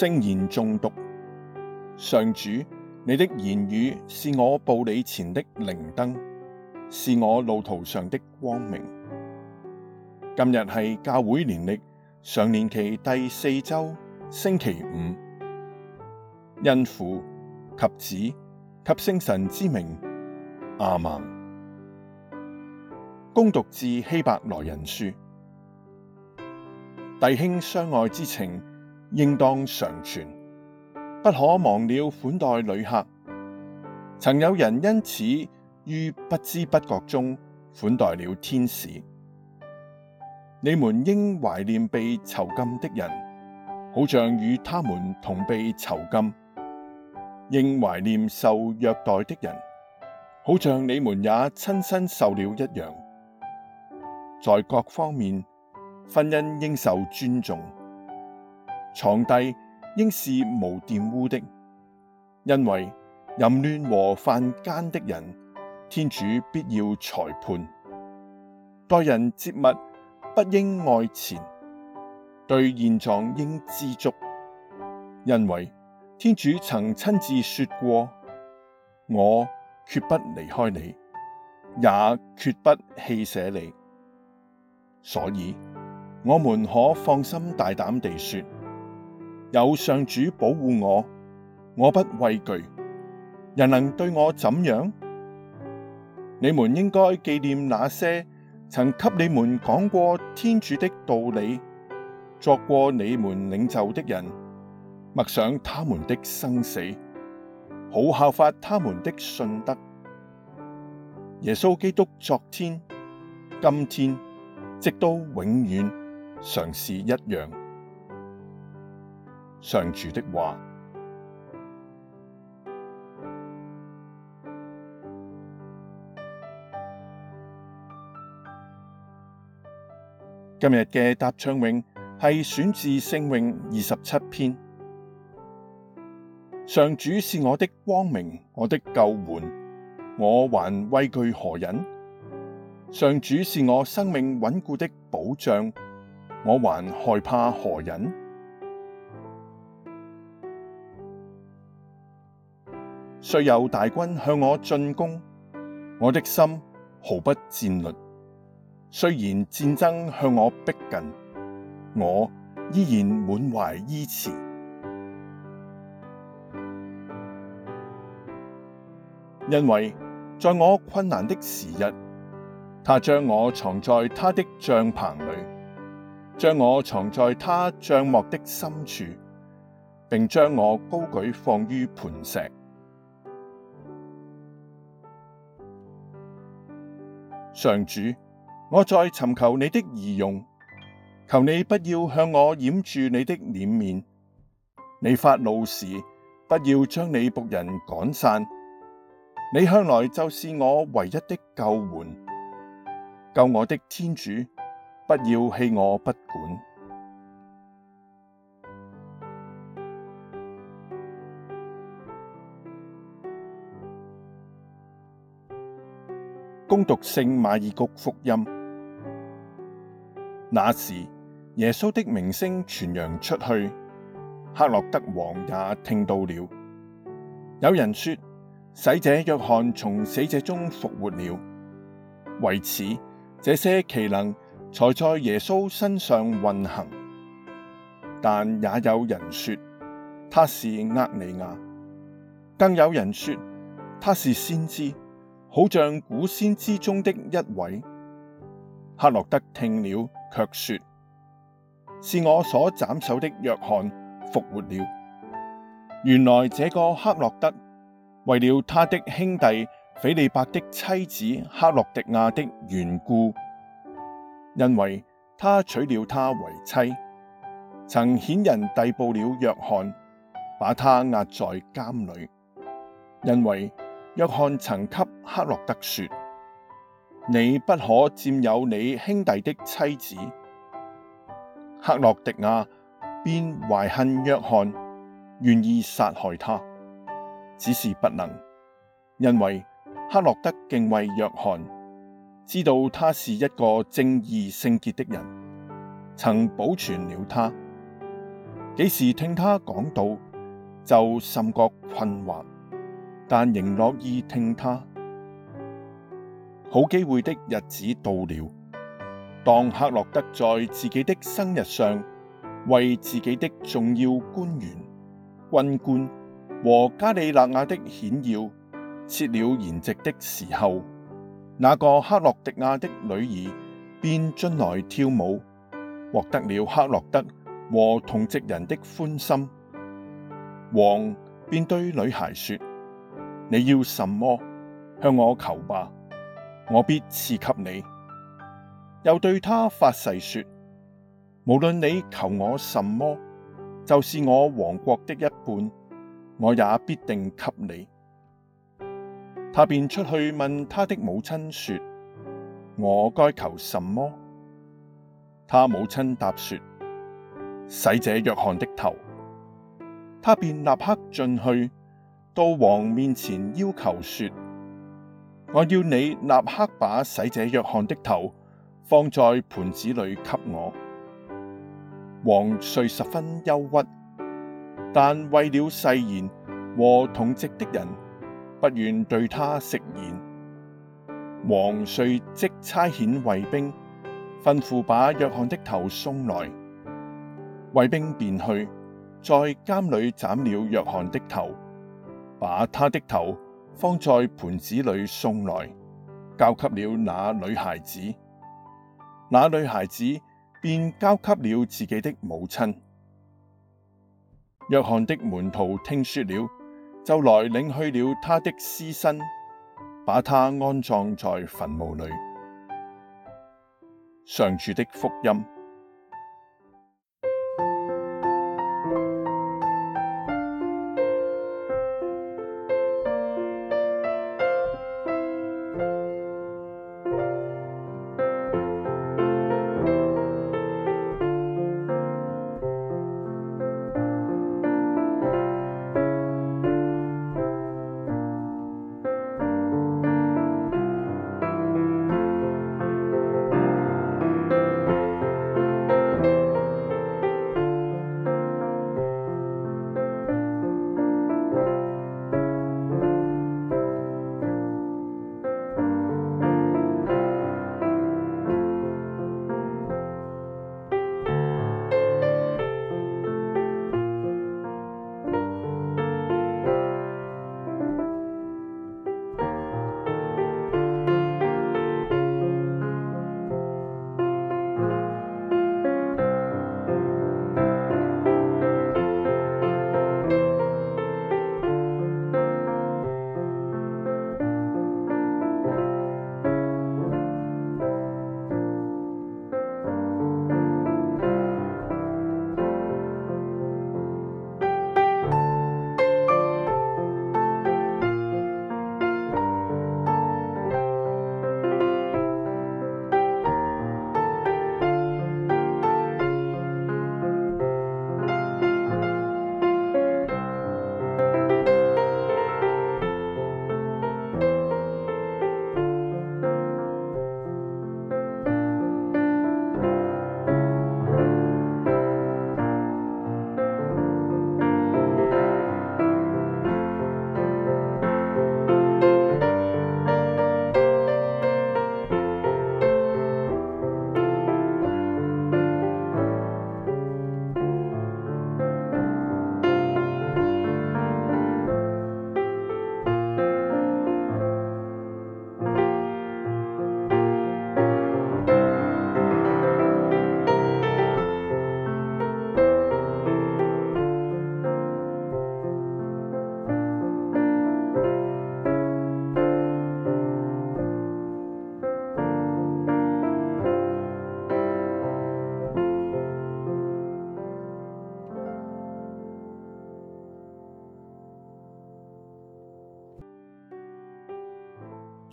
聖言誦讀。上主，你的言語是我步履前的靈燈，是我路途上的光明。今日係教會年曆常年期第四周星期五，因父及子及聖神之名，阿門。恭讀致希伯來人書，弟兄相愛之情。應當常存，不可忘了款待旅客。曾有人因此於不知不覺中款待了天使。你們應懷念被囚禁的人，好像與他們同被囚禁；應懷念受虐待的人，好像你們也親身受了一樣。在各方面，婚姻應受尊重。床笫應是無玷污的，因為淫亂和犯姦的人，天主必要裁判。待人接物不應愛錢，對現狀應知足，因為天主曾親自說過：我決不離開你，也決不棄捨你。所以，我們可放心大膽地說。有上主保護我，我不畏懼。人能對我怎樣？你們應該紀念那些曾給你們講過天主的道理、作過你們領袖的人，默想他們的生死，好效法他們的信德。耶穌基督昨天、今天，直到永遠，常是一樣。上主的話，今日嘅答唱詠係選自聖詠二十七篇。上主是我的光明，我的救援，我還畏懼何人？上主是我生命穩固的保障，我還害怕何人？雖有大軍向我進攻，我的心毫不戰慄。雖然戰爭向我逼近，我依然滿懷依恃。因為在我困難的時日，他將我藏在他的帳棚裏，將我藏在他帳幕的深處，並將我高舉放於磐石。上主，我在尋求你的儀容，求你不要向我掩住你的臉面。你發怒時，不要將你僕人趕散。你向來就是我唯一的救援，救我的天主，不要棄我不管。恭讀聖馬爾谷福音，那時耶穌的名聲傳揚出去，克羅德黑落德王也聽到了。有人說，洗者若翰從死者中復活了，為此這些奇能才在耶穌身上運行。但也有人說他是厄里亞，更有人說他是先知。好像古先知中的一位，黑落德聽了卻說：是我所斬首的若翰復活了。原來這個黑落德為了他的兄弟斐理伯的妻子黑落狄雅的緣故，因為他娶了她為妻，曾遣人逮捕了若翰，把他押在監裏，因為。若翰曾給黑落德說：你不可占有你兄弟的妻子。黑落狄雅便懷恨若翰，願意殺害他，只是不能，因為黑落德敬畏若翰，知道他是一個正義聖潔的人，曾保全了他。幾時聽他講道，就甚覺困惑。但仍樂意聽他。好機會的日子到了，當黑落德在自己的生日上，為自己的重要官員、軍官和加里肋亞的顯要設了筵席的時候，那個黑落狄雅的女兒便進來跳舞，獲得了黑落德和同席人的歡心。王便對女孩說。你要什麼，向我求吧，我必賜給你。又對他發誓說：無論你求我什麼，就是我王國的一半，我也必定給你。他便出去問他的母親說：我該求什麼？他母親答說：洗者若翰的頭。他便立刻進去。到王面前要求說：我要你立刻把洗者若翰的頭，放在盤子裏給我。王遂十分憂鬱，但為了誓言和同席的人，不願對她食言。王遂即差遣衛兵，吩咐把若翰的頭送來，衛兵便去，在監裏斬了若翰的頭。把他的頭放在盤子裏送來，交給了那女孩子。那女孩子便交給了自己的母親。若翰的門徒聽說了，就來領去了他的屍身，把他安葬在墳墓裏。上主的福音。